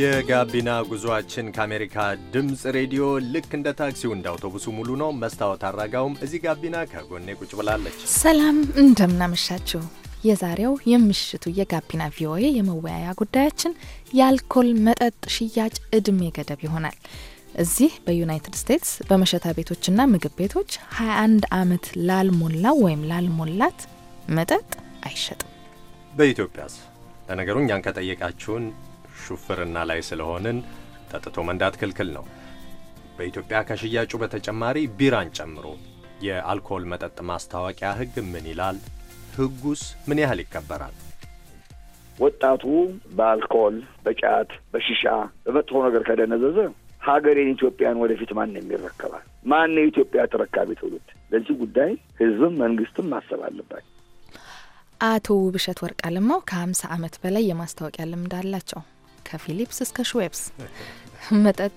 የጋቢና ጉዞአችን ከአሜሪካ ድምፅ ሬዲዮ ልክ እንደ ታክሲው እንደ አውቶቡሱ ሙሉ ነው። መስታወት አራጋውም እዚህ ጋቢና ከጎኔ ቁጭ ብላለች። ሰላም እንደምናመሻችሁ። የዛሬው የምሽቱ የጋቢና ቪኦኤ የመወያያ ጉዳያችን የአልኮል መጠጥ ሽያጭ እድሜ ገደብ ይሆናል። እዚህ በዩናይትድ ስቴትስ በመሸታ ቤቶችና ምግብ ቤቶች 21 ዓመት ላልሞላ ወይም ላልሞላት መጠጥ አይሸጥም። በኢትዮጵያስ? ለነገሩ እኛን ከጠየቃችሁን ሹፍርና ላይ ስለሆንን ጠጥቶ መንዳት ክልክል ነው። በኢትዮጵያ ከሽያጩ በተጨማሪ ቢራን ጨምሮ የአልኮል መጠጥ ማስታወቂያ ሕግ ምን ይላል? ሕጉስ ምን ያህል ይከበራል? ወጣቱ በአልኮል፣ በጫት፣ በሽሻ፣ በመጥፎ ነገር ከደነዘዘ ሀገሬን ኢትዮጵያን ወደፊት ማን የሚረከባል? ማን የኢትዮጵያ ተረካቢ ትውልድ? ለዚህ ጉዳይ ህዝብም መንግስትም ማሰብ አለባቸው። አቶ ውብሸት ወርቅ አለማው ከሀምሳ ዓመት በላይ የማስታወቂያ ልምድ አላቸው። ከፊሊፕስ እስከ ሽዌብስ መጠጥ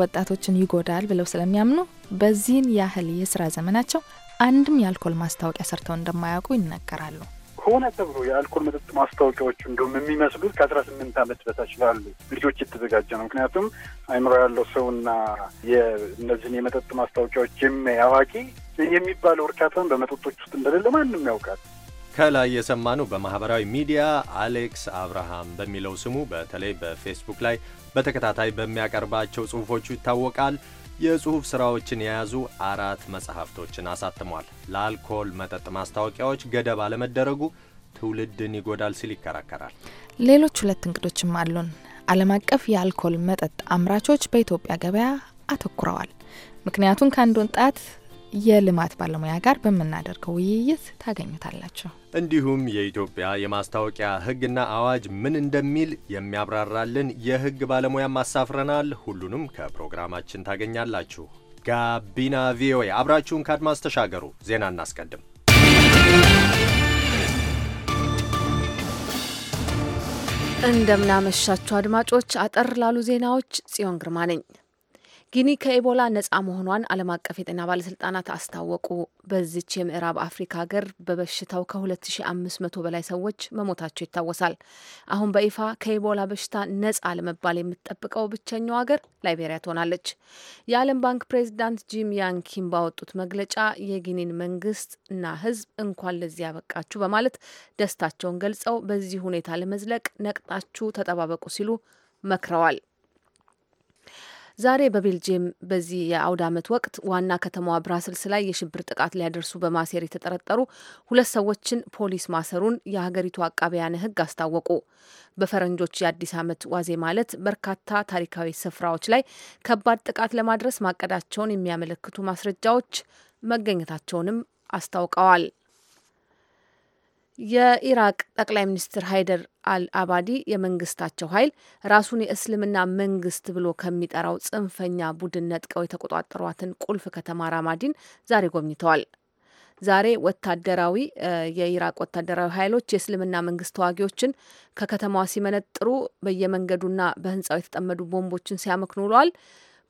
ወጣቶችን ይጎዳል ብለው ስለሚያምኑ በዚህን ያህል የስራ ዘመናቸው አንድም የአልኮል ማስታወቂያ ሰርተው እንደማያውቁ ይነገራሉ። ከሆነ ተብሎ የአልኮል መጠጥ ማስታወቂያዎቹ እንደውም የሚመስሉት ከአስራ ስምንት ዓመት በታች ላሉ ልጆች የተዘጋጀ ነው። ምክንያቱም አይምሮ ያለው ሰውና የእነዚህን የመጠጥ ማስታወቂያዎች የሚያይ አዋቂ የሚባለው እርካታን በመጠጦች ውስጥ እንደሌለ ማንም ያውቃል። ከላይ የሰማነው በማህበራዊ ሚዲያ አሌክስ አብርሃም በሚለው ስሙ በተለይ በፌስቡክ ላይ በተከታታይ በሚያቀርባቸው ጽሑፎቹ ይታወቃል። የጽሑፍ ሥራዎችን የያዙ አራት መጽሐፍቶችን አሳትሟል። ለአልኮል መጠጥ ማስታወቂያዎች ገደብ አለመደረጉ ትውልድን ይጎዳል ሲል ይከራከራል። ሌሎች ሁለት እንግዶችም አሉን። ዓለም አቀፍ የአልኮል መጠጥ አምራቾች በኢትዮጵያ ገበያ አተኩረዋል። ምክንያቱም ከአንድ ወጣት የልማት ባለሙያ ጋር በምናደርገው ውይይት ታገኙታላችሁ። እንዲሁም የኢትዮጵያ የማስታወቂያ ሕግና አዋጅ ምን እንደሚል የሚያብራራልን የሕግ ባለሙያም አሳፍረናል። ሁሉንም ከፕሮግራማችን ታገኛላችሁ። ጋቢና ቪኦኤ፣ አብራችሁን ከአድማስ ተሻገሩ። ዜና እናስቀድም። እንደምናመሻችሁ አድማጮች፣ አጠር ላሉ ዜናዎች ጽዮን ግርማ ነኝ። ጊኒ ከኢቦላ ነጻ መሆኗን ዓለም አቀፍ የጤና ባለስልጣናት አስታወቁ። በዚች የምዕራብ አፍሪካ ሀገር በበሽታው ከ2500 በላይ ሰዎች መሞታቸው ይታወሳል። አሁን በይፋ ከኢቦላ በሽታ ነጻ ለመባል የምትጠብቀው ብቸኛው ሀገር ላይቤሪያ ትሆናለች። የዓለም ባንክ ፕሬዚዳንት ጂም ያንኪን ባወጡት መግለጫ የጊኒን መንግስት እና ህዝብ እንኳን ለዚህ ያበቃችሁ በማለት ደስታቸውን ገልጸው በዚህ ሁኔታ ለመዝለቅ ነቅጣችሁ ተጠባበቁ ሲሉ መክረዋል። ዛሬ በቤልጅየም በዚህ የአውድ ዓመት ወቅት ዋና ከተማዋ ብራስልስ ላይ የሽብር ጥቃት ሊያደርሱ በማሴር የተጠረጠሩ ሁለት ሰዎችን ፖሊስ ማሰሩን የሀገሪቱ አቃቢያነ ሕግ አስታወቁ። በፈረንጆች የአዲስ ዓመት ዋዜ ማለት በርካታ ታሪካዊ ስፍራዎች ላይ ከባድ ጥቃት ለማድረስ ማቀዳቸውን የሚያመለክቱ ማስረጃዎች መገኘታቸውንም አስታውቀዋል። የኢራቅ ጠቅላይ ሚኒስትር ሀይደር አል አባዲ የመንግስታቸው ኃይል ራሱን የእስልምና መንግስት ብሎ ከሚጠራው ጽንፈኛ ቡድን ነጥቀው የተቆጣጠሯትን ቁልፍ ከተማ ራማዲን ዛሬ ጎብኝተዋል። ዛሬ ወታደራዊ የኢራቅ ወታደራዊ ኃይሎች የእስልምና መንግስት ተዋጊዎችን ከከተማዋ ሲመነጥሩ በየመንገዱና በህንፃው የተጠመዱ ቦምቦችን ሲያመክኑ ውለዋል።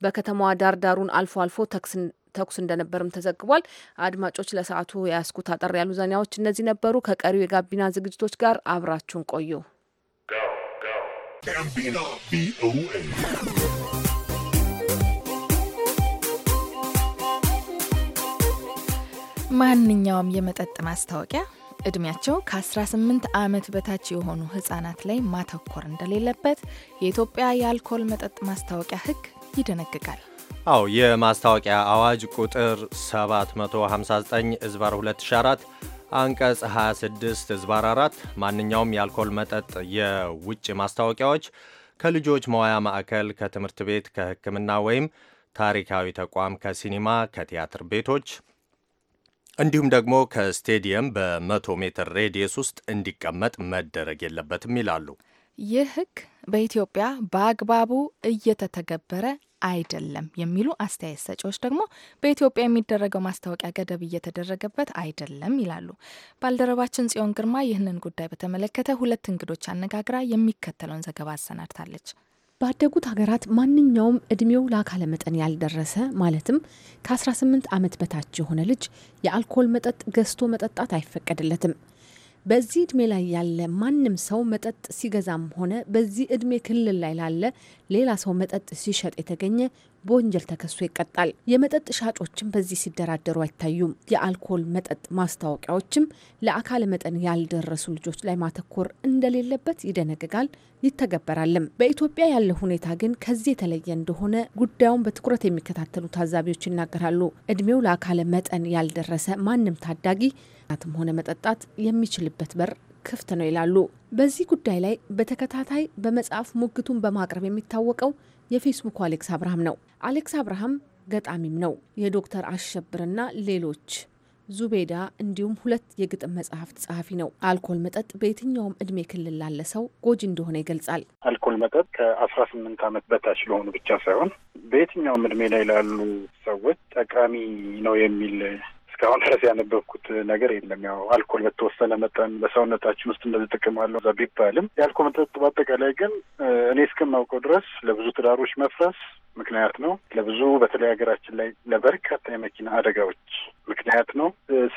በከተማዋ ዳርዳሩን አልፎ አልፎ ተኩስ እንደነበርም ተዘግቧል። አድማጮች ለሰዓቱ የያዝኩት አጠር ያሉ ዜናዎች እነዚህ ነበሩ። ከቀሪው የጋቢና ዝግጅቶች ጋር አብራችሁን ቆዩ። ማንኛውም የመጠጥ ማስታወቂያ እድሜያቸው ከ18 ዓመት በታች የሆኑ ህጻናት ላይ ማተኮር እንደሌለበት የኢትዮጵያ የአልኮል መጠጥ ማስታወቂያ ሕግ ይደነግጋል። አዎ የማስታወቂያ አዋጅ ቁጥር 759 ዝባር 204 አንቀጽ 26 ዝባር 4 ማንኛውም የአልኮል መጠጥ የውጭ ማስታወቂያዎች ከልጆች መዋያ ማዕከል፣ ከትምህርት ቤት፣ ከሕክምና ወይም ታሪካዊ ተቋም፣ ከሲኒማ፣ ከቲያትር ቤቶች እንዲሁም ደግሞ ከስቴዲየም በመቶ ሜትር ሬዲየስ ውስጥ እንዲቀመጥ መደረግ የለበትም ይላሉ። ይህ ህግ በኢትዮጵያ በአግባቡ እየተተገበረ አይደለም የሚሉ አስተያየት ሰጪዎች ደግሞ በኢትዮጵያ የሚደረገው ማስታወቂያ ገደብ እየተደረገበት አይደለም ይላሉ። ባልደረባችን ጽዮን ግርማ ይህንን ጉዳይ በተመለከተ ሁለት እንግዶች አነጋግራ የሚከተለውን ዘገባ አሰናድታለች። ባደጉት ሀገራት ማንኛውም እድሜው ለአካለ መጠን ያልደረሰ ማለትም ከ18 ዓመት በታች የሆነ ልጅ የአልኮል መጠጥ ገዝቶ መጠጣት አይፈቀድለትም። በዚህ እድሜ ላይ ያለ ማንም ሰው መጠጥ ሲገዛም ሆነ በዚህ እድሜ ክልል ላይ ላለ ሌላ ሰው መጠጥ ሲሸጥ የተገኘ በወንጀል ተከሶ ይቀጣል። የመጠጥ ሻጮችም በዚህ ሲደራደሩ አይታዩም። የአልኮል መጠጥ ማስታወቂያዎችም ለአካለ መጠን ያልደረሱ ልጆች ላይ ማተኮር እንደሌለበት ይደነግጋል፣ ይተገበራልም። በኢትዮጵያ ያለው ሁኔታ ግን ከዚህ የተለየ እንደሆነ ጉዳዩን በትኩረት የሚከታተሉ ታዛቢዎች ይናገራሉ። እድሜው ለአካለ መጠን ያልደረሰ ማንም ታዳጊ ም ሆነ መጠጣት የሚችልበት በር ክፍት ነው ይላሉ። በዚህ ጉዳይ ላይ በተከታታይ በመጽሐፍ ሙግቱን በማቅረብ የሚታወቀው የፌስቡኩ አሌክስ አብርሃም ነው። አሌክስ አብርሃም ገጣሚም ነው። የዶክተር አሸብርና ሌሎች ዙቤዳ እንዲሁም ሁለት የግጥም መጽሐፍት ጸሐፊ ነው። አልኮል መጠጥ በየትኛውም እድሜ ክልል ላለ ሰው ጎጂ እንደሆነ ይገልጻል። አልኮል መጠጥ ከአስራ ስምንት ዓመት በታች ለሆኑ ብቻ ሳይሆን በየትኛውም እድሜ ላይ ላሉ ሰዎች ጠቃሚ ነው የሚል እስካሁን ድረስ ያነበብኩት ነገር የለም። ያው አልኮል በተወሰነ መጠን በሰውነታችን ውስጥ እንደዚህ ጥቅም አለው እዛ ቢባልም የአልኮል መጠጥ በአጠቃላይ ግን እኔ እስከማውቀው ድረስ ለብዙ ትዳሮች መፍረስ ምክንያት ነው። ለብዙ በተለይ ሀገራችን ላይ ለበርካታ የመኪና አደጋዎች ምክንያት ነው።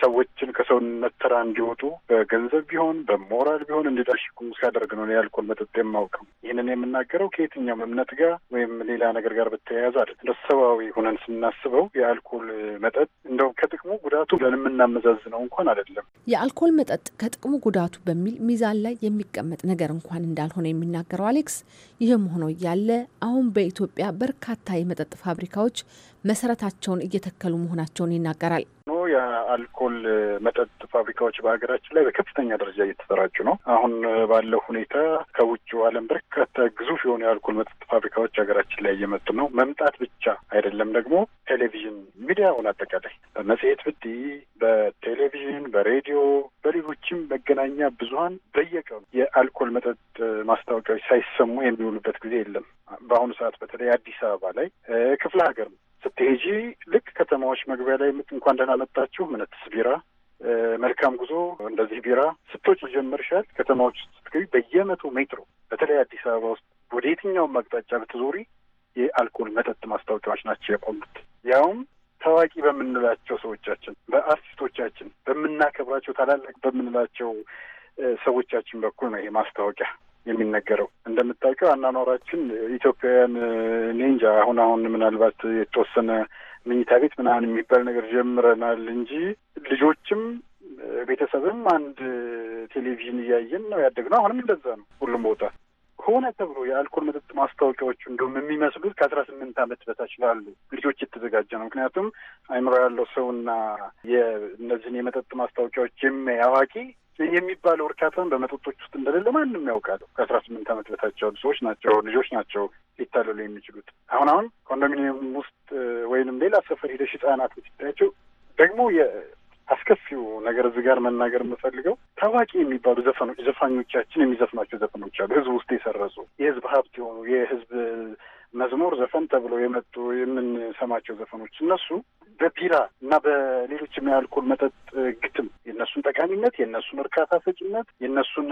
ሰዎችን ከሰውነት ተራ እንዲወጡ በገንዘብ ቢሆን በሞራል ቢሆን እንዲዳሽቁ ሲያደርግ ነው የአልኮል መጠጥ የማውቀው። ይህንን የምናገረው ከየትኛውም እምነት ጋር ወይም ሌላ ነገር ጋር በተያያዘ አይደለም። እንደ ሰብአዊ ሁነን ስናስበው የአልኮል መጠጥ እንደው ከጥቅሙ ጉዳቱ ለንም እናመዛዝነው እንኳን አይደለም። የአልኮል መጠጥ ከጥቅሙ ጉዳቱ በሚል ሚዛን ላይ የሚቀመጥ ነገር እንኳን እንዳልሆነ የሚናገረው አሌክስ፣ ይህም ሆኖ እያለ አሁን በኢትዮጵያ በርካታ የመጠጥ ፋብሪካዎች መሰረታቸውን እየተከሉ መሆናቸውን ይናገራል። የአልኮል መጠጥ ፋብሪካዎች በሀገራችን ላይ በከፍተኛ ደረጃ እየተሰራጩ ነው። አሁን ባለው ሁኔታ ከውጭው ዓለም በርካታ ግዙፍ የሆኑ የአልኮል መጠጥ ፋብሪካዎች ሀገራችን ላይ እየመጡ ነው። መምጣት ብቻ አይደለም ደግሞ ቴሌቪዥን ሚዲያውን አጠቃላይ በመጽሔት ብቲ በቴሌቪዥን በሬዲዮ በሌሎችም መገናኛ ብዙሀን በየቀኑ የአልኮል መጠጥ ማስታወቂያዎች ሳይሰሙ የሚውሉበት ጊዜ የለም። በአሁኑ ሰዓት በተለይ አዲስ አበባ ላይ ክፍለ ነው። ዴጂ ልክ ከተማዎች መግቢያ ላይ እንኳን ደህና መጣችሁ ምነትስ ቢራ መልካም ጉዞ እንደዚህ ቢራ ስትወጪ ጀመርሻል። ከተማዎች ውስጥ ስትገቢ በየመቶ ሜትሮ በተለይ አዲስ አበባ ውስጥ ወደ የትኛውም አቅጣጫ ብትዞሪ የአልኮል መጠጥ ማስታወቂያዎች ናቸው የቆሙት። ያውም ታዋቂ በምንላቸው ሰዎቻችን፣ በአርቲስቶቻችን፣ በምናከብራቸው ታላላቅ በምንላቸው ሰዎቻችን በኩል ነው ይሄ ማስታወቂያ የሚነገረው። እንደምታውቂው አናኗራችን ኢትዮጵያውያን እኔ እንጃ አሁን አሁን ምናልባት የተወሰነ መኝታ ቤት ምናምን የሚባል ነገር ጀምረናል እንጂ ልጆችም ቤተሰብም አንድ ቴሌቪዥን እያየን ነው ያደግነው። አሁንም እንደዛ ነው ሁሉም ቦታ ሆነ ተብሎ የአልኮል መጠጥ ማስታወቂያዎቹ እንደውም የሚመስሉት ከአስራ ስምንት አመት በታች ላሉ ልጆች የተዘጋጀ ነው። ምክንያቱም አይምሮ ያለው ሰውና የእነዚህን የመጠጥ ማስታወቂያዎች የሚያይ አዋቂ የሚባለው እርካታን በመጠጦች ውስጥ እንደሌለ ማንም ያውቃል። ከአስራ ስምንት ዓመት በታች ያሉ ሰዎች ናቸው ልጆች ናቸው ሊታለሉ የሚችሉት። አሁን አሁን ኮንዶሚኒየም ውስጥ ወይንም ሌላ ሰፈር ሄደሽ ህጻናት ሲታያቸው ደግሞ አስከፊው ነገር እዚህ ጋር መናገር የምፈልገው ታዋቂ የሚባሉ ዘፈኖች ዘፋኞቻችን የሚዘፍኗቸው ዘፈኖች አሉ። ህዝብ ውስጥ የሰረጹ የህዝብ ሀብት የሆኑ የህዝብ መዝሙር ዘፈን ተብሎ የመጡ የምንሰማቸው ዘፈኖች እነሱ በቢራ እና በሌሎችም የአልኮል መጠጥ ግጥም የእነሱን ጠቃሚነት፣ የእነሱን እርካታ ሰጭነት፣ የእነሱን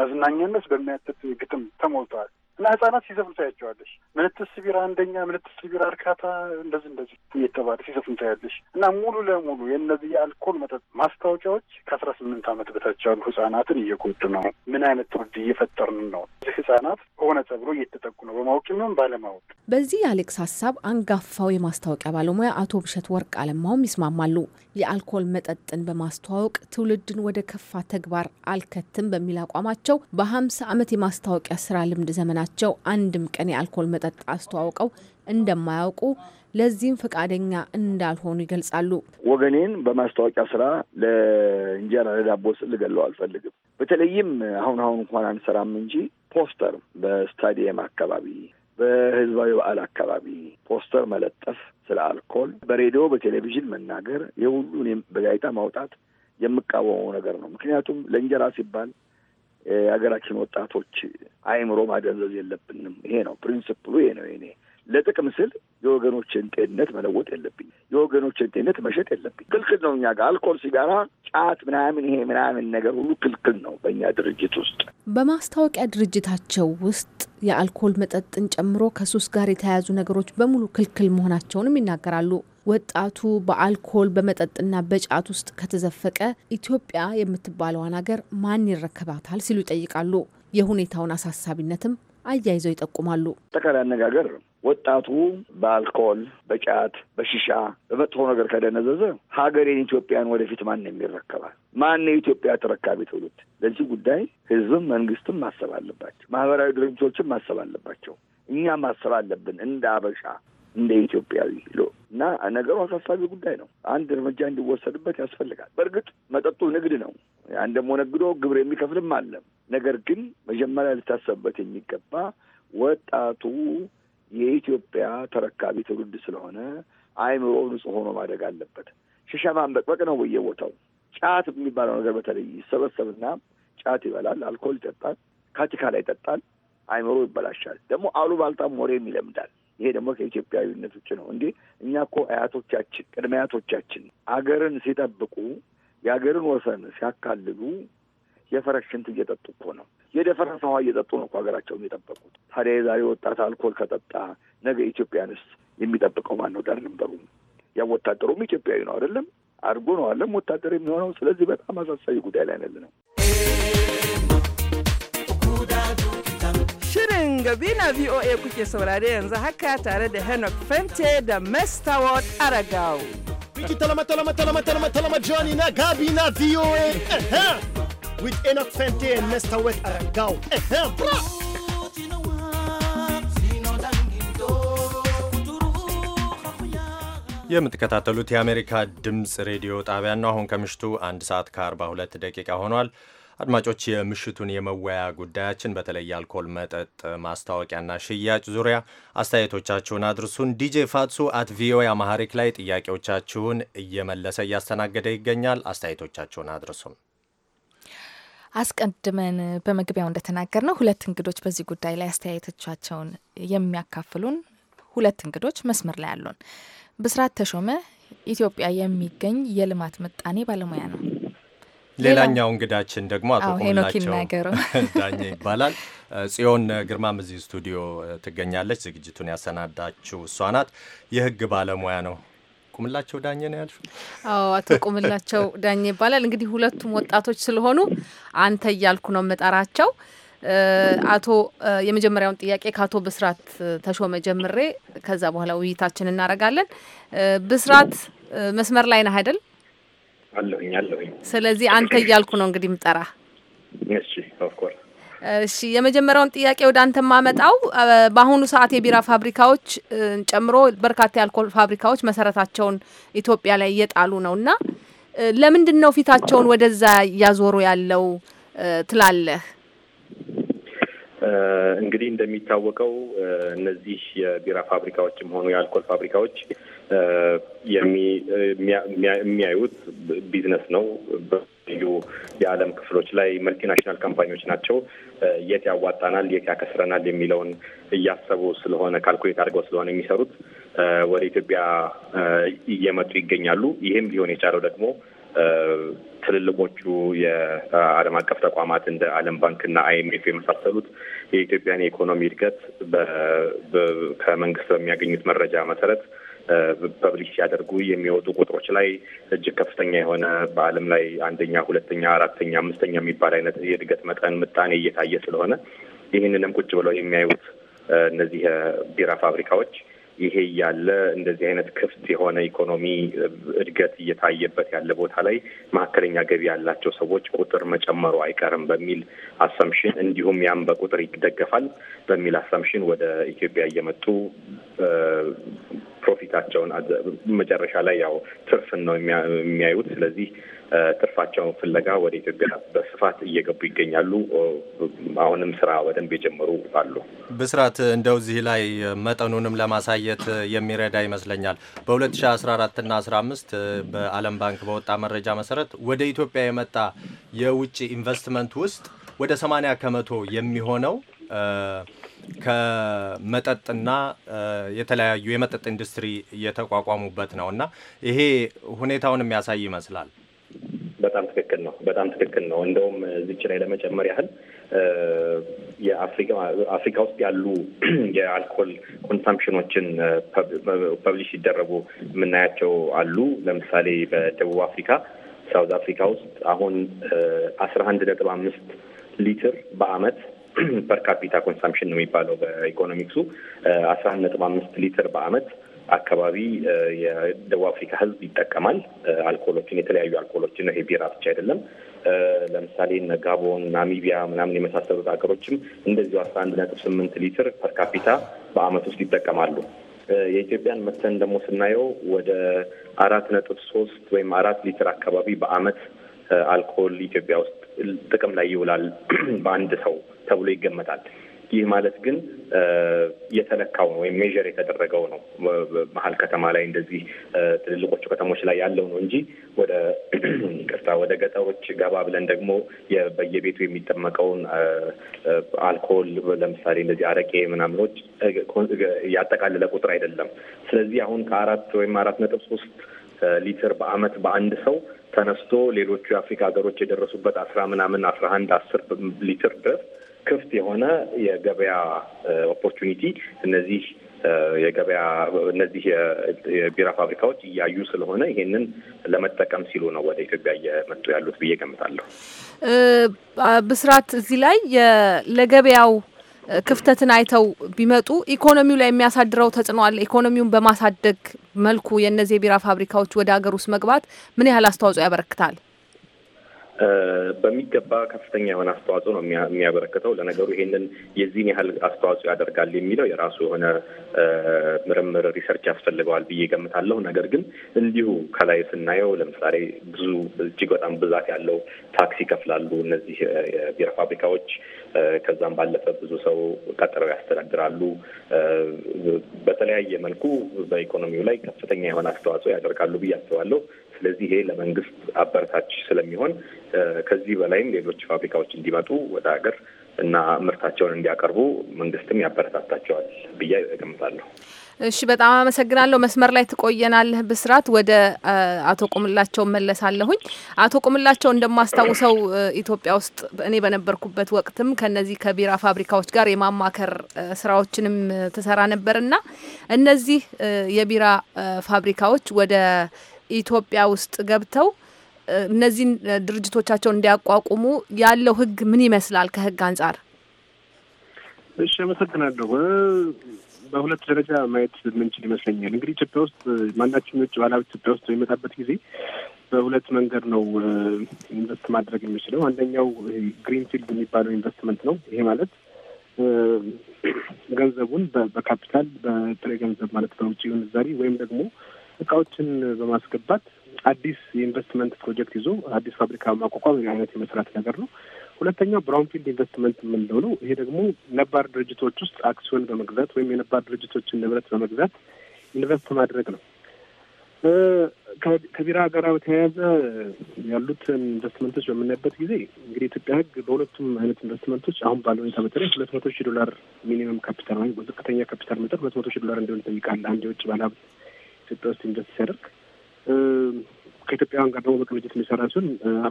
መዝናኛነት በሚያትት ግጥም ተሞልተዋል። እና ህጻናት ሲዘፍኑ ታያቸዋለሽ። ምንትስ ቢራ አንደኛ፣ ምንትስ ቢራ እርካታ፣ እንደዚህ እንደዚህ እየተባለ ሲዘፍኑ ታያለሽ። እና ሙሉ ለሙሉ የእነዚህ የአልኮል መጠጥ ማስታወቂያዎች ከአስራ ስምንት ዓመት በታች ያሉ ህጻናትን እየጎዱ ነው። ምን አይነት ትውልድ እየፈጠርን ነው? ህጻናት ሆነ ተብሎ እየተጠቁ ነው፣ በማወቅ ባለማወቅ። በዚህ የአሌክስ ሀሳብ አንጋፋው የማስታወቂያ ባለሙያ አቶ ብሸት ወርቅ አለማውም ይስማማሉ። የአልኮል መጠጥን በማስተዋወቅ ትውልድን ወደ ከፋ ተግባር አልከትም በሚል አቋማቸው በሀምሳ ዓመት የማስታወቂያ ስራ ልምድ ዘመናት ናቸው አንድም ቀን የአልኮል መጠጥ አስተዋውቀው እንደማያውቁ ለዚህም ፈቃደኛ እንዳልሆኑ ይገልጻሉ። ወገኔን በማስታወቂያ ስራ ለእንጀራ ለዳቦ ስል ልገለው አልፈልግም። በተለይም አሁን አሁን እንኳን አንሰራም እንጂ ፖስተር በስታዲየም አካባቢ፣ በህዝባዊ በዓል አካባቢ ፖስተር መለጠፍ ስለ አልኮል በሬዲዮ በቴሌቪዥን መናገር፣ የሁሉን በጋዜጣ ማውጣት የምቃወመው ነገር ነው። ምክንያቱም ለእንጀራ ሲባል የሀገራችን ወጣቶች አይምሮ ማደንዘዝ የለብንም። ይሄ ነው ፕሪንስፕሉ። ይሄ ነው ይኔ ለጥቅም ስል የወገኖችን ጤንነት መለወጥ የለብኝ። የወገኖችን ጤንነት መሸጥ የለብኝ። ክልክል ነው። እኛ ጋር አልኮል፣ ሲጋራ፣ ጫት ምናምን ይሄ ምናምን ነገር ሁሉ ክልክል ነው በእኛ ድርጅት ውስጥ። በማስታወቂያ ድርጅታቸው ውስጥ የአልኮል መጠጥን ጨምሮ ከሱስ ጋር የተያያዙ ነገሮች በሙሉ ክልክል መሆናቸውንም ይናገራሉ። ወጣቱ በአልኮል በመጠጥና በጫት ውስጥ ከተዘፈቀ ኢትዮጵያ የምትባለዋን ሀገር ማን ይረከባታል ሲሉ ይጠይቃሉ። የሁኔታውን አሳሳቢነትም አያይዘው ይጠቁማሉ። አጠቃላይ አነጋገር ወጣቱ በአልኮል፣ በጫት፣ በሽሻ፣ በመጥፎ ነገር ከደነዘዘ ሀገሬን ኢትዮጵያን ወደፊት ማን የሚረከባል? ማን የኢትዮጵያ ተረካቢ ትውልድ? ለዚህ ጉዳይ ህዝብም መንግስትም ማሰብ አለባቸው። ማህበራዊ ድርጅቶችም ማሰብ አለባቸው። እኛ ማሰብ አለብን እንደ አበሻ እንደ ኢትዮጵያዊ እና ነገሩ አሳሳቢ ጉዳይ ነው። አንድ እርምጃ እንዲወሰድበት ያስፈልጋል። በእርግጥ መጠጡ ንግድ ነው። ያን ደግሞ ነግዶ ግብር የሚከፍልም አለ። ነገር ግን መጀመሪያ ልታሰብበት የሚገባ ወጣቱ የኢትዮጵያ ተረካቢ ትውልድ ስለሆነ አይምሮ ንጹሕ ሆኖ ማደግ አለበት። ሽሻማን በቅበቅ ነው በየቦታው ጫት የሚባለው ነገር በተለይ ይሰበሰብና ጫት ይበላል፣ አልኮል ይጠጣል፣ ካቲካላ ይጠጣል፣ አይምሮ ይበላሻል። ደግሞ አሉባልታም ወሬም ይለምዳል። ይሄ ደግሞ ከኢትዮጵያዊነት ውጭ ነው እንዴ? እኛ እኮ አያቶቻችን፣ ቅድመ አያቶቻችን አገርን ሲጠብቁ የአገርን ወሰን ሲያካልሉ የፈረስ ሽንት እየጠጡ እኮ ነው። የደፈረሰ ውሃ እየጠጡ ነው እኮ ሀገራቸውን የጠበቁት። ታዲያ የዛሬ ወጣት አልኮል ከጠጣ ነገ ኢትዮጵያንስ የሚጠብቀው ማን ነው? ዳር ነበሩ ያ ወታደሩም ኢትዮጵያዊ ነው አይደለም አድርጎ ነው አለም ወታደር የሚሆነው። ስለዚህ በጣም አሳሳቢ ጉዳይ ላይ ነው Gabina VOA kuke saurare yanzu haka tare da Henok Fente da Mestaward Aragao. Wiki talama talama talama talama talama Johnny na Gabi na VOA. With Henok Fente and Mestaward Aragao. የምትከታተሉት የአሜሪካ ድምፅ ሬዲዮ ጣቢያን ነው። አሁን ከምሽቱ አንድ ሰዓት ከ42 ደቂቃ ሆኗል። አድማጮች የምሽቱን የመወያያ ጉዳያችን በተለይ የአልኮል መጠጥ ማስታወቂያና ሽያጭ ዙሪያ አስተያየቶቻችሁን አድርሱን። ዲጄ ፋትሱ አት ቪኦኤ አማሐሪክ ላይ ጥያቄዎቻችሁን እየመለሰ እያስተናገደ ይገኛል። አስተያየቶቻችሁን አድርሱን። አስቀድመን በመግቢያው እንደተናገር ነው ሁለት እንግዶች በዚህ ጉዳይ ላይ አስተያየቶቻቸውን የሚያካፍሉን ሁለት እንግዶች መስመር ላይ አሉን። ብስራት ተሾመ ኢትዮጵያ የሚገኝ የልማት ምጣኔ ባለሙያ ነው። ሌላኛው እንግዳችን ደግሞ አቶ ቆምላቸው ዳኘ ይባላል። ጽዮን ግርማም እዚህ ስቱዲዮ ትገኛለች። ዝግጅቱን ያሰናዳችው እሷ ናት። የህግ ባለሙያ ነው። ቁምላቸው ዳኘ ነው ያልሽው? አዎ አቶ ቁምላቸው ዳኘ ይባላል። እንግዲህ ሁለቱም ወጣቶች ስለሆኑ አንተ እያልኩ ነው የምጠራቸው። አቶ የመጀመሪያውን ጥያቄ ከአቶ ብስራት ተሾመ ጀምሬ ከዛ በኋላ ውይይታችን እናደርጋለን። ብስራት መስመር ላይ ነህ አይደል? አለሁኝ አለሁኝ። ስለዚህ አንተ እያልኩ ነው እንግዲህ ምጠራ። እሺ ኦፍኮርስ እሺ የመጀመሪያውን ጥያቄ ወደ አንተ ማመጣው በአሁኑ ሰዓት የቢራ ፋብሪካዎች ጨምሮ በርካታ የአልኮል ፋብሪካዎች መሰረታቸውን ኢትዮጵያ ላይ እየጣሉ ነው እና ለምንድን ነው ፊታቸውን ወደዛ እያዞሩ ያለው ትላለህ? እንግዲህ እንደሚታወቀው እነዚህ የቢራ ፋብሪካዎችም ሆኑ የአልኮል ፋብሪካዎች የሚያዩት ቢዝነስ ነው። በዩ የዓለም ክፍሎች ላይ መልቲናሽናል ካምፓኒዎች ናቸው። የት ያዋጣናል፣ የት ያከስረናል የሚለውን እያሰቡ ስለሆነ ካልኩሌት አድርገው ስለሆነ የሚሰሩት ወደ ኢትዮጵያ እየመጡ ይገኛሉ። ይህም ሊሆን የቻለው ደግሞ ትልልቆቹ የዓለም አቀፍ ተቋማት እንደ ዓለም ባንክና አይኤምኤፍ የመሳሰሉት የኢትዮጵያን የኢኮኖሚ እድገት ከመንግስት በሚያገኙት መረጃ መሰረት ፐብሊክ ሲያደርጉ የሚወጡ ቁጥሮች ላይ እጅግ ከፍተኛ የሆነ በዓለም ላይ አንደኛ፣ ሁለተኛ፣ አራተኛ፣ አምስተኛ የሚባል አይነት የእድገት መጠን ምጣኔ እየታየ ስለሆነ ይህንንም ቁጭ ብለው የሚያዩት እነዚህ ቢራ ፋብሪካዎች ይሄ ያለ እንደዚህ አይነት ክፍት የሆነ ኢኮኖሚ እድገት እየታየበት ያለ ቦታ ላይ መካከለኛ ገቢ ያላቸው ሰዎች ቁጥር መጨመሩ አይቀርም በሚል አሳምሽን እንዲሁም ያም በቁጥር ይደገፋል በሚል አሳምሽን ወደ ኢትዮጵያ እየመጡ ፕሮፊታቸውን መጨረሻ ላይ ያው ትርፍን ነው የሚያዩት። ስለዚህ ትርፋቸውን ፍለጋ ወደ ኢትዮጵያ በስፋት እየገቡ ይገኛሉ። አሁንም ስራ በደንብ የጀመሩ አሉ። ብስራት እንደው እዚህ ላይ መጠኑንም ለማሳየት የሚረዳ ይመስለኛል። በ2014 እና 15 በዓለም ባንክ በወጣ መረጃ መሰረት ወደ ኢትዮጵያ የመጣ የውጭ ኢንቨስትመንት ውስጥ ወደ 80 ከመቶ የሚሆነው ከመጠጥና የተለያዩ የመጠጥ ኢንዱስትሪ እየተቋቋሙበት ነው እና ይሄ ሁኔታውን የሚያሳይ ይመስላል። በጣም ትክክል ነው። በጣም ትክክል ነው። እንደውም እዚች ላይ ለመጨመር ያህል የአፍሪካ ውስጥ ያሉ የአልኮል ኮንሳምፕሽኖችን ፐብሊሽ ሲደረጉ የምናያቸው አሉ። ለምሳሌ በደቡብ አፍሪካ ሳውዝ አፍሪካ ውስጥ አሁን አስራ አንድ ነጥብ አምስት ሊትር በአመት ፐር ካፒታ ነው የሚባለው በኢኮኖሚክሱ አስራ አንድ ነጥብ አምስት ሊትር በአመት አካባቢ የደቡብ አፍሪካ ህዝብ ይጠቀማል። አልኮሎችን የተለያዩ አልኮሎችን ነው። ይሄ ቢራ ብቻ አይደለም። ለምሳሌ እነ ጋቦን፣ ናሚቢያ ምናምን የመሳሰሉት ሀገሮችም እንደዚሁ አስራ አንድ ነጥብ ስምንት ሊትር ፐር ካፒታ በአመት ውስጥ ይጠቀማሉ። የኢትዮጵያን መተን ደግሞ ስናየው ወደ አራት ነጥብ ሶስት ወይም አራት ሊትር አካባቢ በአመት አልኮል ኢትዮጵያ ውስጥ ጥቅም ላይ ይውላል በአንድ ሰው ተብሎ ይገመታል። ይህ ማለት ግን የተለካው ነው ወይም ሜዥር የተደረገው ነው። መሀል ከተማ ላይ እንደዚህ ትልልቆቹ ከተሞች ላይ ያለው ነው እንጂ ወደ ቅርታ ወደ ገጠሮች ገባ ብለን ደግሞ በየቤቱ የሚጠመቀውን አልኮል ለምሳሌ እንደዚህ አረቄ ምናምኖች ያጠቃልለ ቁጥር አይደለም። ስለዚህ አሁን ከአራት ወይም አራት ነጥብ ሶስት ሊትር በአመት በአንድ ሰው ተነስቶ ሌሎቹ የአፍሪካ ሀገሮች የደረሱበት አስራ ምናምን አስራ አንድ አስር ሊትር ድረስ ክፍት የሆነ የገበያ ኦፖርቹኒቲ እነዚህ የገበያ እነዚህ የቢራ ፋብሪካዎች እያዩ ስለሆነ ይሄንን ለመጠቀም ሲሉ ነው ወደ ኢትዮጵያ እየመጡ ያሉት ብዬ ገምታለሁ። ብስራት እዚህ ላይ ለገበያው ክፍተትን አይተው ቢመጡ ኢኮኖሚው ላይ የሚያሳድረው ተጽዕኖ አለ። ኢኮኖሚውን በማሳደግ መልኩ የእነዚህ የቢራ ፋብሪካዎች ወደ ሀገር ውስጥ መግባት ምን ያህል አስተዋጽኦ ያበረክታል? በሚገባ ከፍተኛ የሆነ አስተዋጽኦ ነው የሚያበረክተው። ለነገሩ ይሄንን የዚህን ያህል አስተዋጽኦ ያደርጋል የሚለው የራሱ የሆነ ምርምር ሪሰርች ያስፈልገዋል ብዬ ገምታለሁ። ነገር ግን እንዲሁ ከላይ ስናየው ለምሳሌ ብዙ እጅግ በጣም ብዛት ያለው ታክስ ይከፍላሉ እነዚህ የቢራ ፋብሪካዎች። ከዛም ባለፈ ብዙ ሰው ቀጥረው ያስተዳድራሉ። በተለያየ መልኩ በኢኮኖሚው ላይ ከፍተኛ የሆነ አስተዋጽኦ ያደርጋሉ ብዬ አስባለሁ። ስለዚህ ይሄ ለመንግስት አበረታች ስለሚሆን ከዚህ በላይም ሌሎች ፋብሪካዎች እንዲመጡ ወደ ሀገር እና ምርታቸውን እንዲያቀርቡ መንግስትም ያበረታታቸዋል ብዬ እገምታለሁ። እሺ፣ በጣም አመሰግናለሁ። መስመር ላይ ትቆየናለህ ብስራት። ወደ አቶ ቁምላቸው መለሳለሁኝ። አቶ ቁምላቸው እንደማስታውሰው ኢትዮጵያ ውስጥ እኔ በነበርኩበት ወቅትም ከነዚህ ከቢራ ፋብሪካዎች ጋር የማማከር ስራዎችንም ትሰራ ነበርና እነዚህ የቢራ ፋብሪካዎች ወደ ኢትዮጵያ ውስጥ ገብተው እነዚህን ድርጅቶቻቸውን እንዲያቋቁሙ ያለው ህግ ምን ይመስላል ከህግ አንጻር? እሺ፣ አመሰግናለሁ። በሁለት ደረጃ ማየት የምንችል ይመስለኛል። እንግዲህ ኢትዮጵያ ውስጥ ማናቸውም የውጭ ባለሀብት ኢትዮጵያ ውስጥ በሚመጣበት ጊዜ በሁለት መንገድ ነው ኢንቨስት ማድረግ የሚችለው። አንደኛው ግሪንፊልድ የሚባለው ኢንቨስትመንት ነው። ይሄ ማለት ገንዘቡን በካፒታል በጥሬ ገንዘብ ማለት በውጭ ምንዛሪ ወይም ደግሞ እቃዎችን በማስገባት አዲስ የኢንቨስትመንት ፕሮጀክት ይዞ አዲስ ፋብሪካ ማቋቋም አይነት የመስራት ነገር ነው። ሁለተኛው ብራውንፊልድ ኢንቨስትመንት የምንለው ነው። ይሄ ደግሞ ነባር ድርጅቶች ውስጥ አክሲዮን በመግዛት ወይም የነባር ድርጅቶችን ንብረት በመግዛት ኢንቨስት ማድረግ ነው። ከቢራ ጋር በተያያዘ ያሉትን ኢንቨስትመንቶች በምናይበት ጊዜ እንግዲህ ኢትዮጵያ ሕግ በሁለቱም አይነት ኢንቨስትመንቶች አሁን ባለ ሁኔታ በተለይ ሁለት መቶ ሺህ ዶላር ሚኒመም ካፒታል ወይም ዝቅተኛ ካፒታል መጠን ሁለት መቶ ሺህ ዶላር እንዲሆን ይጠይቃል። አንድ የውጭ ባለሀብት ኢትዮጵያ ውስጥ ኢንቨስት ሲያደርግ ከኢትዮጵያውያን ጋር ደግሞ በቅንጅት የሚሰራ ሲሆን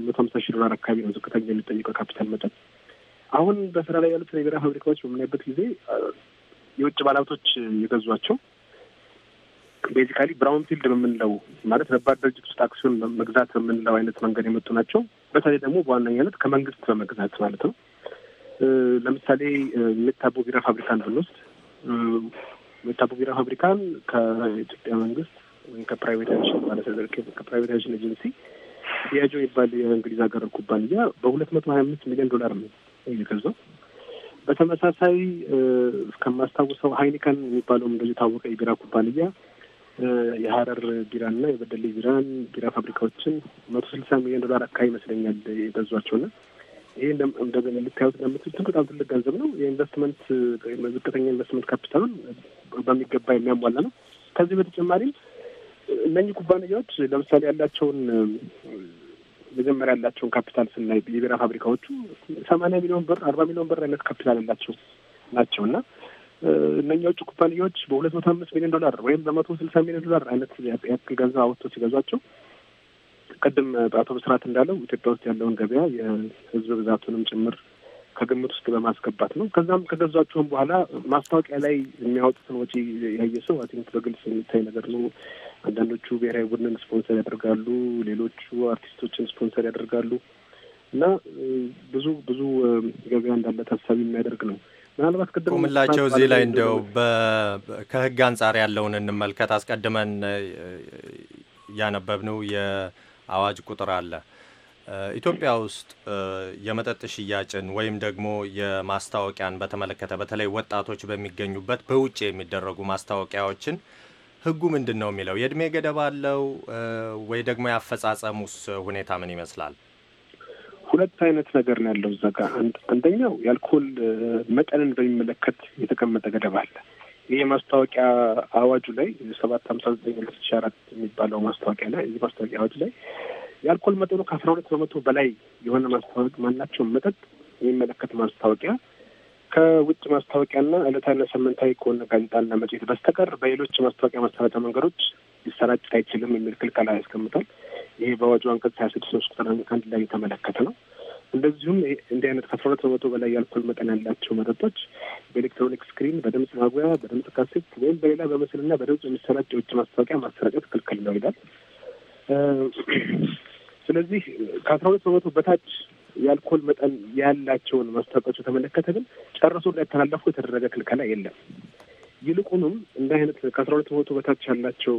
መቶ ሀምሳ ሺህ ዶላር አካባቢ ነው ዝቅተኛ የሚጠይቀው ካፒታል መጠን። አሁን በስራ ላይ ያሉት የቢራ ፋብሪካዎች በምናይበት ጊዜ የውጭ ባለሀብቶች የገዟቸው ቤዚካሊ ብራውን ፊልድ በምንለው ማለት ነባር ድርጅት ውስጥ አክሲዮን መግዛት በምንለው አይነት መንገድ የመጡ ናቸው። በተለይ ደግሞ በዋነኛነት ከመንግስት በመግዛት ማለት ነው። ለምሳሌ ሜታ ቢራ ፋብሪካን ብንወስድ መታቦ ቢራ ፋብሪካን ከኢትዮጵያ መንግስት ወይም ከፕራይቬታይዜሽን ማለት ከፕራይቬታይዜሽን ኤጀንሲ ዲያጆ የሚባል የእንግሊዝ ሀገር ኩባንያ በሁለት መቶ ሀያ አምስት ሚሊዮን ዶላር ነው የገዛው። በተመሳሳይ እስከማስታውሰው ሀይኒከን የሚባለው እንደዚህ የታወቀ የቢራ ኩባንያ የሀረር ቢራና የበደሌ ቢራን ቢራ ፋብሪካዎችን መቶ ስልሳ ሚሊዮን ዶላር አካባቢ ይመስለኛል የገዟቸውና ይህ እንደገና ልታዩት እንደምትሉትም በጣም ትልቅ ገንዘብ ነው። የኢንቨስትመንት ዝቅተኛ ኢንቨስትመንት ካፒታሉን በሚገባ የሚያሟላ ነው። ከዚህ በተጨማሪም እነኚህ ኩባንያዎች ለምሳሌ ያላቸውን መጀመሪያ ያላቸውን ካፒታል ስናይ የቢራ ፋብሪካዎቹ ሰማንያ ሚሊዮን ብር፣ አርባ ሚሊዮን ብር አይነት ካፒታል ያላቸው ናቸው እና እነኛዎቹ ኩባንያዎች በሁለት መቶ አምስት ሚሊዮን ዶላር ወይም በመቶ ስልሳ ሚሊዮን ዶላር አይነት ያክል ገንዘብ አወጥቶ ሲገዟቸው ቅድም በአቶ ብስራት እንዳለው ኢትዮጵያ ውስጥ ያለውን ገበያ የህዝብ ብዛቱንም ጭምር ከግምት ውስጥ በማስገባት ነው። ከዛም ከገዟቸውም በኋላ ማስታወቂያ ላይ የሚያወጡትን ወጪ ያየ ሰው አይ ቲንክ በግልጽ የሚታይ ነገር ነው። አንዳንዶቹ ብሔራዊ ቡድንን ስፖንሰር ያደርጋሉ፣ ሌሎቹ አርቲስቶችን ስፖንሰር ያደርጋሉ እና ብዙ ብዙ ገበያ እንዳለ ታሳቢ የሚያደርግ ነው። ምናልባት ቁምላቸው እዚህ ላይ እንደው ከህግ አንጻር ያለውን እንመልከት። አስቀድመን ያነበብነው የአዋጅ ቁጥር አለ Uh, ኢትዮጵያ ውስጥ uh, የመጠጥ ሽያጭን ወይም ደግሞ የማስታወቂያን በተመለከተ በተለይ ወጣቶች በሚገኙበት በውጭ የሚደረጉ ማስታወቂያዎችን ህጉ ምንድን ነው የሚለው? የእድሜ ገደብ አለው uh, ወይ? ደግሞ ያፈጻጸሙስ ሁኔታ ምን ይመስላል? ሁለት አይነት ነገር ነው ያለው እዛ አንደኛው የአልኮል መጠንን በሚመለከት የተቀመጠ ገደብ አለ። ይህ የማስታወቂያ አዋጁ ላይ ሰባት ሀምሳ ዘጠኝ ሁለት ሺ አራት የሚባለው ማስታወቂያ ላይ ማስታወቂያ አዋጁ ላይ የአልኮል መጠኑ ከአስራ ሁለት በመቶ በላይ የሆነ ማስታወቅ ማናቸውም መጠጥ የሚመለከት ማስታወቂያ ከውጭ ማስታወቂያና ዕለታና ሳምንታዊ ከሆነ ጋዜጣና መጽሔት በስተቀር በሌሎች ማስታወቂያ ማስታወቂያ መንገዶች ሊሰራጭ አይችልም የሚል ክልከላ ያስቀምጣል። ይሄ በአዋጁ አንቀጽ ሀያ ስድስት ሶስት ቁጥር አንድ ላይ የተመለከተ ነው። እንደዚሁም እንዲህ አይነት ከአስራ ሁለት በመቶ በላይ የአልኮል መጠን ያላቸው መጠጦች በኤሌክትሮኒክ ስክሪን፣ በድምፅ ማጉያ፣ በድምፅ ካሴት ወይም በሌላ በምስልና በድምፅ የሚሰራጭ የውጭ ማስታወቂያ ማሰራጨት ክልክል ነው ይላል። ስለዚህ ከአስራ ሁለት በመቶ በታች የአልኮል መጠን ያላቸውን ማስታወቂያዎች የተመለከተ ግን ጨርሶ እንዳይተላለፉ የተደረገ ክልከላ የለም። ይልቁንም እንደ አይነት ከአስራ ሁለት በመቶ በታች ያላቸው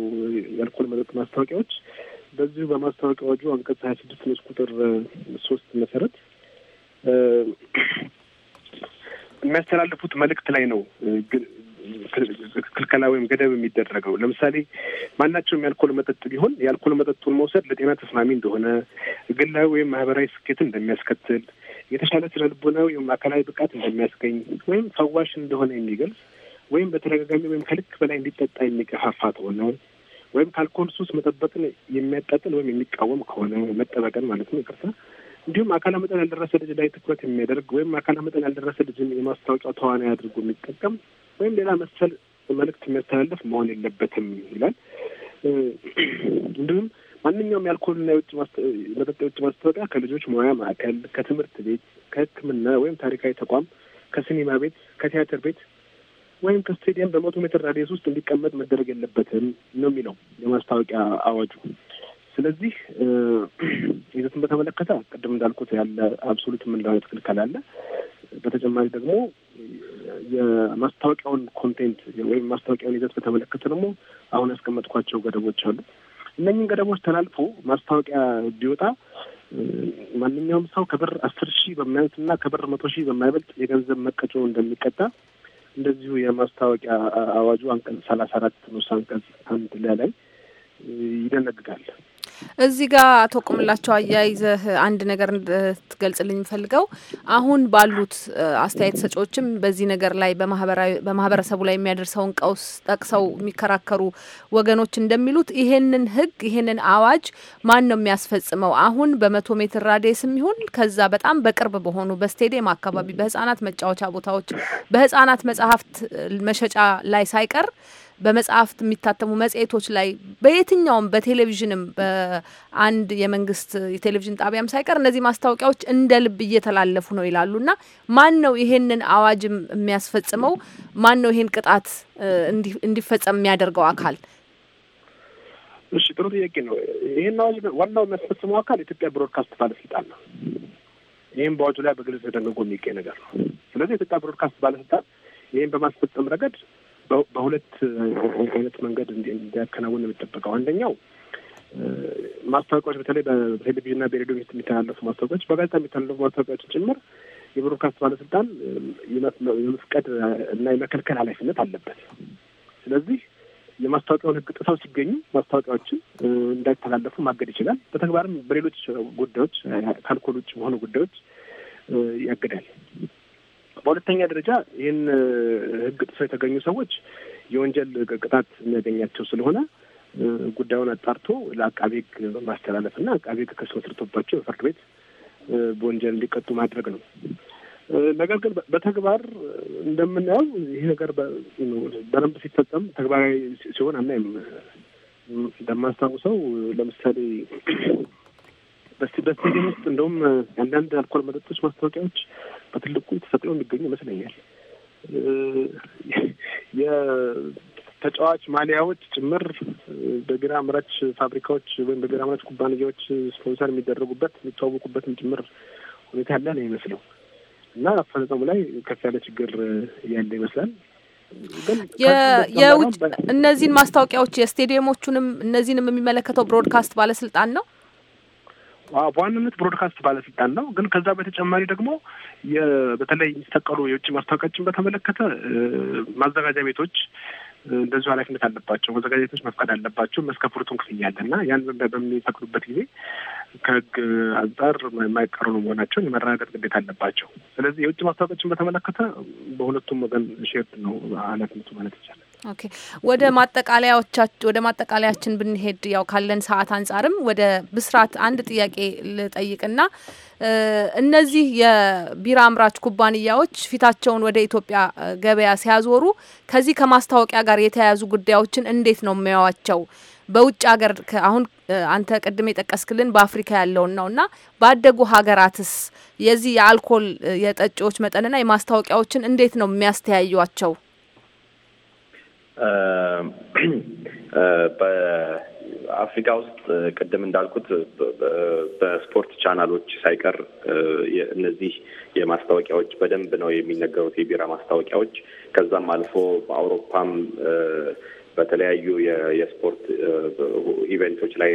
የአልኮል መጠጥ ማስታወቂያዎች በዚሁ በማስታወቂያ አዋጁ አንቀጽ ሀያ ስድስት ንዑስ ቁጥር ሶስት መሰረት የሚያስተላልፉት መልእክት ላይ ነው ክልከላ ወይም ገደብ የሚደረገው። ለምሳሌ ማናቸውም የአልኮል መጠጥ ቢሆን የአልኮል መጠጡን መውሰድ ለጤና ተስማሚ እንደሆነ፣ ግላዊ ወይም ማህበራዊ ስኬትን እንደሚያስከትል፣ የተሻለ ስነ ልቦናዊ ወይም አካላዊ ብቃት እንደሚያስገኝ ወይም ፈዋሽ እንደሆነ የሚገልጽ ወይም በተደጋጋሚ ወይም ከልክ በላይ እንዲጠጣ የሚገፋፋ ከሆነ ወይም ከአልኮል ሱስ መጠበቅን የሚያጣጥል ወይም የሚቃወም ከሆነ መጠበቅን ማለት ነው ይቅርታ እንዲሁም አካለ መጠን ያልደረሰ ልጅ ላይ ትኩረት የሚያደርግ ወይም አካለ መጠን ያልደረሰ ልጅን የማስታወቂያ ተዋናይ አድርጎ የሚጠቀም ወይም ሌላ መሰል መልእክት የሚያስተላልፍ መሆን የለበትም ይላል። እንዲሁም ማንኛውም የአልኮልና የውጭ መጠጥ የውጭ ማስታወቂያ ከልጆች ሙያ ማዕከል፣ ከትምህርት ቤት፣ ከሕክምና ወይም ታሪካዊ ተቋም፣ ከሲኒማ ቤት፣ ከቲያትር ቤት ወይም ከስቴዲየም በመቶ ሜትር ራዲየስ ውስጥ እንዲቀመጥ መደረግ የለበትም ነው የሚለው የማስታወቂያ አዋጁ። ስለዚህ ይዘትን በተመለከተ ቅድም እንዳልኩት ያለ አብሶሉት የምንለው አይነት ክልከል አለ። በተጨማሪ ደግሞ የማስታወቂያውን ኮንቴንት ወይም ማስታወቂያውን ይዘት በተመለከተ ደግሞ አሁን ያስቀመጥኳቸው ገደቦች አሉ። እነኝን ገደቦች ተላልፎ ማስታወቂያ ቢወጣ ማንኛውም ሰው ከብር አስር ሺህ በማያንስ እና ከብር መቶ ሺህ በማይበልጥ የገንዘብ መቀጮ እንደሚቀጣ እንደዚሁ የማስታወቂያ አዋጁ አንቀጽ ሰላሳ አራት ንዑስ አንቀጽ አንድ ላይ ይደነግጋል። እዚህ ጋር አቶ ቁምላቸው አያይዘህ አንድ ነገር እንድትገልጽልኝ የምፈልገው አሁን ባሉት አስተያየት ሰጪዎችም በዚህ ነገር ላይ በማህበረሰቡ ላይ የሚያደርሰውን ቀውስ ጠቅሰው የሚከራከሩ ወገኖች እንደሚሉት ይሄንን ህግ ይሄንን አዋጅ ማን ነው የሚያስፈጽመው? አሁን በመቶ ሜትር ራዲየስም ይሁን ከዛ በጣም በቅርብ በሆኑ በስቴዲየም አካባቢ፣ በህጻናት መጫወቻ ቦታዎች፣ በህጻናት መጽሐፍት መሸጫ ላይ ሳይቀር በመጽሐፍት የሚታተሙ መጽሔቶች ላይ በየትኛውም በቴሌቪዥንም በአንድ የመንግስት የቴሌቪዥን ጣቢያም ሳይቀር እነዚህ ማስታወቂያዎች እንደ ልብ እየተላለፉ ነው ይላሉና ማን ነው ይሄንን አዋጅም የሚያስፈጽመው? ማን ነው ይሄን ቅጣት እንዲፈጸም የሚያደርገው አካል? እሺ፣ ጥሩ ጥያቄ ነው። ይህን አዋጅ ዋናው የሚያስፈጽመው አካል የኢትዮጵያ ብሮድካስት ባለስልጣን ነው። ይህም በአዋጁ ላይ በግልጽ ተደንግጎ የሚገኝ ነገር ነው። ስለዚህ የኢትዮጵያ ብሮድካስት ባለስልጣን ይህም በማስፈጸም ረገድ በሁለት አይነት መንገድ እንዲያከናውን የሚጠበቀው አንደኛው ማስታወቂያዎች በተለይ በቴሌቪዥንና በሬዲዮ የሚተላለፉ ማስታወቂያዎች፣ በጋዜጣ የሚተላለፉ ማስታወቂያዎችን ጭምር የብሮድካስት ባለስልጣን የመፍቀድ እና የመከልከል ኃላፊነት አለበት። ስለዚህ የማስታወቂያውን ሕግ ጥሰው ሲገኙ ማስታወቂያዎችን እንዳይተላለፉ ማገድ ይችላል። በተግባርም በሌሎች ጉዳዮች ከአልኮል ውጭ በሆኑ ጉዳዮች ያግዳል። በሁለተኛ ደረጃ ይህን ህግ ጥሶ የተገኙ ሰዎች የወንጀል ቅጣት የሚያገኛቸው ስለሆነ ጉዳዩን አጣርቶ ለአቃቤ ህግ ማስተላለፍ እና አቃቤ ህግ ክስ መስርቶባቸው በፍርድ ቤት በወንጀል እንዲቀጡ ማድረግ ነው። ነገር ግን በተግባር እንደምናየው ይህ ነገር በደንብ ሲፈጸም ተግባራዊ ሲሆን አናይም። እንደማስታውሰው ለምሳሌ በስቴዲየም ውስጥ እንደውም አንዳንድ አልኮል መጠጦች ማስታወቂያዎች በትልቁ ተሰቅለው የሚገኙ ይመስለኛል። የተጫዋች ማሊያዎች ጭምር በቢራ አምራች ፋብሪካዎች ወይም በቢራ አምራች ኩባንያዎች ስፖንሰር የሚደረጉበት የሚተዋወቁበትም ጭምር ሁኔታ ያለ ነው ይመስለው እና አፈጻጸሙ ላይ ከፍ ያለ ችግር ያለ ይመስላል። የውጭ እነዚህን ማስታወቂያዎች የስቴዲየሞቹንም እነዚህንም የሚመለከተው ብሮድካስት ባለስልጣን ነው። በዋናነት ብሮድካስት ባለስልጣን ነው። ግን ከዛ በተጨማሪ ደግሞ በተለይ የሚሰቀሉ የውጭ ማስታወቂያዎችን በተመለከተ ማዘጋጃ ቤቶች እንደዚሁ ኃላፊነት አለባቸው። ማዘጋጃ ቤቶች መፍቀድ አለባቸው። መስከፍሩቱን ክፍያ አለ እና ያን በሚፈቅዱበት ጊዜ ከህግ አንጻር የማይቀሩ መሆናቸውን የመረጋገጥ ግዴታ አለባቸው። ስለዚህ የውጭ ማስታወቂያዎችን በተመለከተ በሁለቱም ወገን ሼር ነው ኃላፊነቱ ማለት ይቻላል። ኦኬ ወደ ማጠቃለያዎቻችን ወደ ማጠቃለያችን ብንሄድ ያው ካለን ሰዓት አንጻርም ወደ ብስራት አንድ ጥያቄ ልጠይቅና እነዚህ የቢራ አምራች ኩባንያዎች ፊታቸውን ወደ ኢትዮጵያ ገበያ ሲያዞሩ ከዚህ ከማስታወቂያ ጋር የተያያዙ ጉዳዮችን እንዴት ነው የሚያዋቸው? በውጭ ሀገር አሁን አንተ ቅድም የጠቀስክልን በአፍሪካ ያለውን ነው እና ባደጉ ሀገራትስ የዚህ የአልኮል የጠጪዎች መጠንና የማስታወቂያዎችን እንዴት ነው የሚያስተያዩቸው? በአፍሪካ ውስጥ ቅድም እንዳልኩት በስፖርት ቻናሎች ሳይቀር እነዚህ የማስታወቂያዎች በደንብ ነው የሚነገሩት፣ የቢራ ማስታወቂያዎች። ከዛም አልፎ በአውሮፓም በተለያዩ የስፖርት ኢቨንቶች ላይ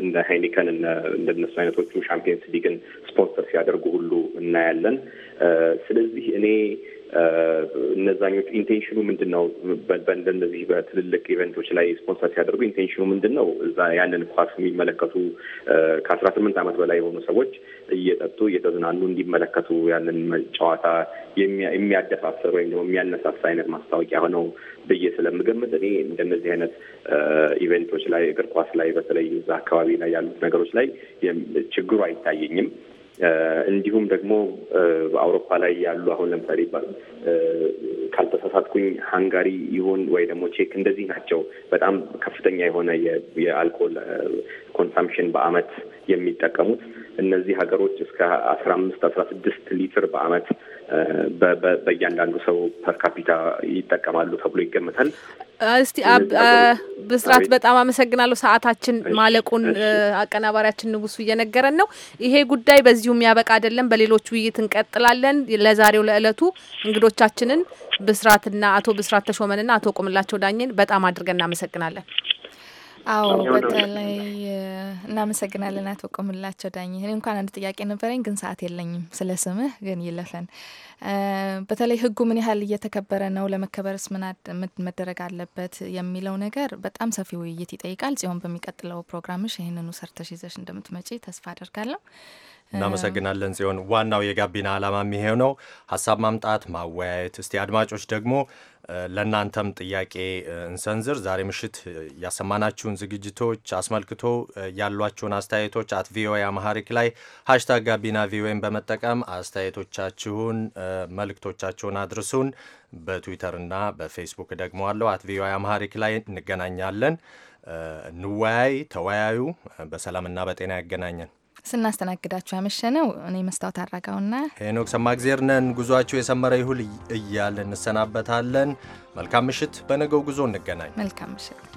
እነ ሀይኒከን እንደነሱ አይነቶቹ ሻምፒየንስ ሊግን ስፖንሰር ሲያደርጉ ሁሉ እናያለን። ስለዚህ እኔ እነዛኞቹ ኢንቴንሽኑ ምንድን ነው? በእንደነዚህ በትልልቅ ኢቨንቶች ላይ ስፖንሰር ሲያደርጉ ኢንቴንሽኑ ምንድን ነው? እዛ ያንን ኳስ የሚመለከቱ ከአስራ ስምንት ዓመት በላይ የሆኑ ሰዎች እየጠጡ እየተዝናኑ እንዲመለከቱ ያንን ጨዋታ የሚያደፋፍር ወይም ደግሞ የሚያነሳሳ አይነት ማስታወቂያ ሆነው ብዬ ስለምገምት እኔ እንደነዚህ አይነት ኢቨንቶች ላይ እግር ኳስ ላይ በተለይ እዛ አካባቢ ላይ ያሉት ነገሮች ላይ ችግሩ አይታየኝም። እንዲሁም ደግሞ በአውሮፓ ላይ ያሉ አሁን ለምሳሌ ካልተሳሳትኩኝ ሃንጋሪ ይሁን ወይ ደግሞ ቼክ እንደዚህ ናቸው። በጣም ከፍተኛ የሆነ የአልኮል ኮንሳምፕሽን በአመት የሚጠቀሙት እነዚህ ሀገሮች እስከ አስራ አምስት አስራ ስድስት ሊትር በአመት በእያንዳንዱ ሰው ፐርካፒታ ይጠቀማሉ ተብሎ ይገመታል። እስቲ ብስራት በጣም አመሰግናለሁ። ሰዓታችን ማለቁን አቀናባሪያችን ንጉሱ እየነገረን ነው። ይሄ ጉዳይ በዚሁ የሚያበቃ አይደለም። በሌሎች ውይይት እንቀጥላለን። ለዛሬው ለእለቱ እንግዶቻችንን ብስራትና አቶ ብስራት ተሾመንና አቶ ቁምላቸው ዳኘን በጣም አድርገን እናመሰግናለን። አዎ በተለይ እናመሰግናለን አቶ ቁምላቸው ዳኝ። እኔ እንኳን አንድ ጥያቄ ነበረኝ፣ ግን ሰዓት የለኝም። ስለ ስምህ ግን ይለፈን። በተለይ ህጉ ምን ያህል እየተከበረ ነው፣ ለመከበርስ ምን መደረግ አለበት የሚለው ነገር በጣም ሰፊ ውይይት ይጠይቃል። ጽዮን፣ በሚቀጥለው ፕሮግራምሽ ይህንኑ ሰርተሽ ይዘሽ እንደምትመጪ ተስፋ አደርጋለሁ። እናመሰግናለን ጽዮን። ዋናው የጋቢና ዓላማ የሚሄው ሀሳብ ማምጣት ማወያየት። እስቲ አድማጮች ደግሞ ለእናንተም ጥያቄ እንሰንዝር። ዛሬ ምሽት ያሰማናችሁን ዝግጅቶች አስመልክቶ ያሏችሁን አስተያየቶች አት ቪኦኤ አማሃሪክ ላይ ሀሽታግ ጋቢና ቪኦኤን በመጠቀም አስተያየቶቻችሁን፣ መልእክቶቻችሁን አድርሱን። በትዊተርና በፌስቡክ ደግሞ አለው አት ቪኦኤ አማሃሪክ ላይ እንገናኛለን። እንወያይ፣ ተወያዩ። በሰላምና በጤና ያገናኘን። ስናስተናግዳችሁ ያመሸነው እኔ መስታወት አድራጋውና ሄኖክ ሰማእግዜር ነን። ጉዟችሁ የሰመረ ይሁል እያልን እንሰናበታለን። መልካም ምሽት። በነገው ጉዞ እንገናኝ። መልካም ምሽት።